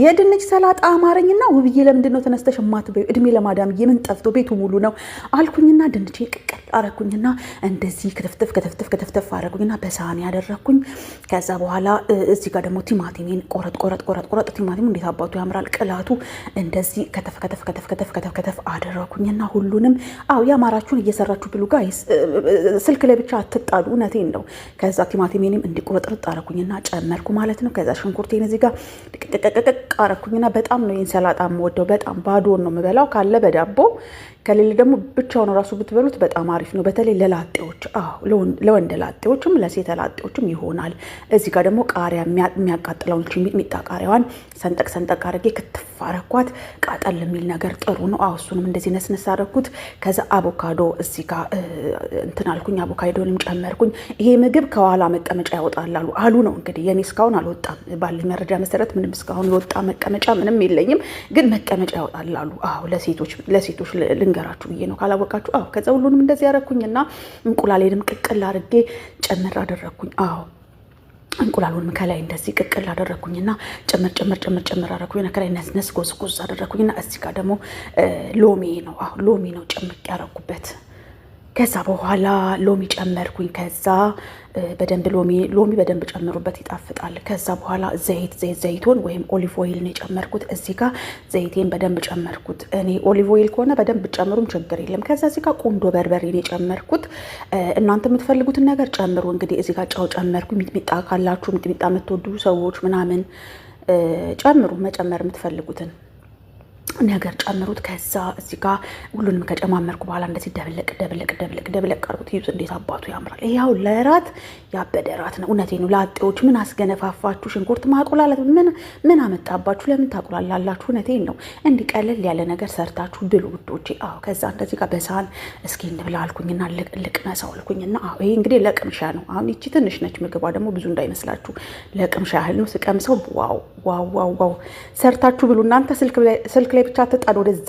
የድንች ሰላጣ አማረኝና ውብዬ ለምንድን ነው ተነስተሽ የማትበዩ? እድሜ ለማዳም የምን ጠፍቶ ቤቱ ሙሉ ነው አልኩኝና ድንች ቅቅል አረኩኝና እንደዚህ ክትፍትፍ ክትፍትፍ ክትፍትፍ አረኩኝና በሳህን ያደረግኩኝ። ከዛ በኋላ እዚህ ጋር ደግሞ ቲማቲሜን ቆረጥ ቆረጥ ቆረጥ ቆረጥ። ቲማቲሙ እንዴት አባቱ ያምራል ቅላቱ። እንደዚህ ከተፍ ከተፍ ከተፍ ከተፍ ከተፍ ከተፍ አደረኩኝና ሁሉንም አው ያማራችሁን እየሰራችሁ ብሉ ጋይስ። ስልክ ላይ ብቻ አትጣሉ፣ እውነቴን ነው። ከዛ ቲማቲሜንም እንዲቆረጥርጥ አረኩኝና ጨመርኩ ማለት ነው። ከዛ ሽንኩርቴን እዚህ ጋር ጥቅጥቅ አረኩኝና በጣም ነው ይህን ሰላጣ የምወደው። በጣም ባዶን ነው የምበላው፣ ካለ በዳቦ ከሌለ ደግሞ ብቻውን ራሱ ብትበሉት በጣም አሪፍ ነው። በተለይ ለላጤዎች፣ ለወንድ ላጤዎችም ለሴተ ላጤዎችም ይሆናል። እዚህ ጋር ደግሞ ቃሪያ የሚያቃጥለውን ሚጥሚጣ ቃሪያዋን ሰንጠቅ ሰንጠቅ አድርጌ ክትፍ ተፍ አረኳት። ቃጠል የሚል ነገር ጥሩ ነው። አዎ እሱንም እንደዚህ ነስነስ አረኩት። ከዛ አቮካዶ እዚህ ጋር እንትን አልኩኝ፣ አቮካዶንም ጨመርኩኝ። ይሄ ምግብ ከኋላ መቀመጫ ያወጣል አሉ አሉ ነው እንግዲህ። የኔ እስካሁን አልወጣም፣ ባለኝ መረጃ መሰረት ምንም እስካሁን የወጣ መቀመጫ ምንም የለኝም፣ ግን መቀመጫ ያወጣል አሉ። አዎ ለሴቶች ለሴቶች ልንገራችሁ ብዬ ነው ካላወቃችሁ። አዎ ከዛ ሁሉንም እንደዚህ ያረኩኝና እንቁላሌንም ቅቅል አድርጌ ጨምር አደረግኩኝ። አዎ እንቁላሉን ከላይ እንደዚህ ቅቅል አደረግኩኝና ጭምር ጭምር ጭምር ጭምር አደረግኩኝ ከላይ ነስነስ ጎዝጎዝ አደረግኩኝና እዚህ ጋር ደግሞ ሎሚ ነው። ሎሚ ነው ጭምቅ ያደረጉበት ከዛ በኋላ ሎሚ ጨመርኩኝ። ከዛ በደንብ ሎሚ ሎሚ በደንብ ጨምሩበት ይጣፍጣል። ከዛ በኋላ ዘይት ዘይት ዘይቱን ወይም ኦሊቭ ኦይል ነው የጨመርኩት። እዚህ ጋር ዘይቴን በደንብ ጨመርኩት። እኔ ኦሊቭ ኦይል ከሆነ በደንብ ጨምሩም ችግር የለም። ከዛ እዚህ ጋር ቁንዶ በርበሬ ነው የጨመርኩት። እናንተ የምትፈልጉትን ነገር ጨምሩ። እንግዲህ እዚህ ጋር ጨው ጨመርኩ። ሚጥሚጣ ካላችሁ ሚጥሚጣ የምትወዱ ሰዎች ምናምን ጨምሩ፣ መጨመር የምትፈልጉትን ነገር ጨምሩት። ከዛ እዚህ ጋር ሁሉንም ከጨማመርኩ በኋላ እንደዚህ ደብለቅ ደብለቅ ደብለቅ ደብለቅ ቀርቡት። ይዩት እንዴት አባቱ ያምራል! ይኸው ለራት ያበደ ራት ነው። እውነቴ ነው። ለአጤዎች ምን አስገነፋፋችሁ? ሽንኩርት ማቁላላት ምን ምን አመጣባችሁ? ለምን ታቁላላላችሁ? እውነቴን ነው። እንዲህ ቀለል ያለ ነገር ሰርታችሁ ብሉ ውዶቼ። አዎ፣ ከዛ እንደዚህ ጋር በሰሃን እስኪ እንብላ አልኩኝና ልቅመሰው አልኩኝና፣ አዎ፣ ይሄ እንግዲህ ለቅምሻ ነው። አሁን ይቺ ትንሽ ነች፣ ምግቧ ደግሞ ብዙ እንዳይመስላችሁ ለቅምሻ ያህል ነው። ስቀምሰው ዋው ዋው ዋው ዋው! ሰርታችሁ ብሉ እናንተ ስልክ ላይ ብቻ ትጣል ወደዛ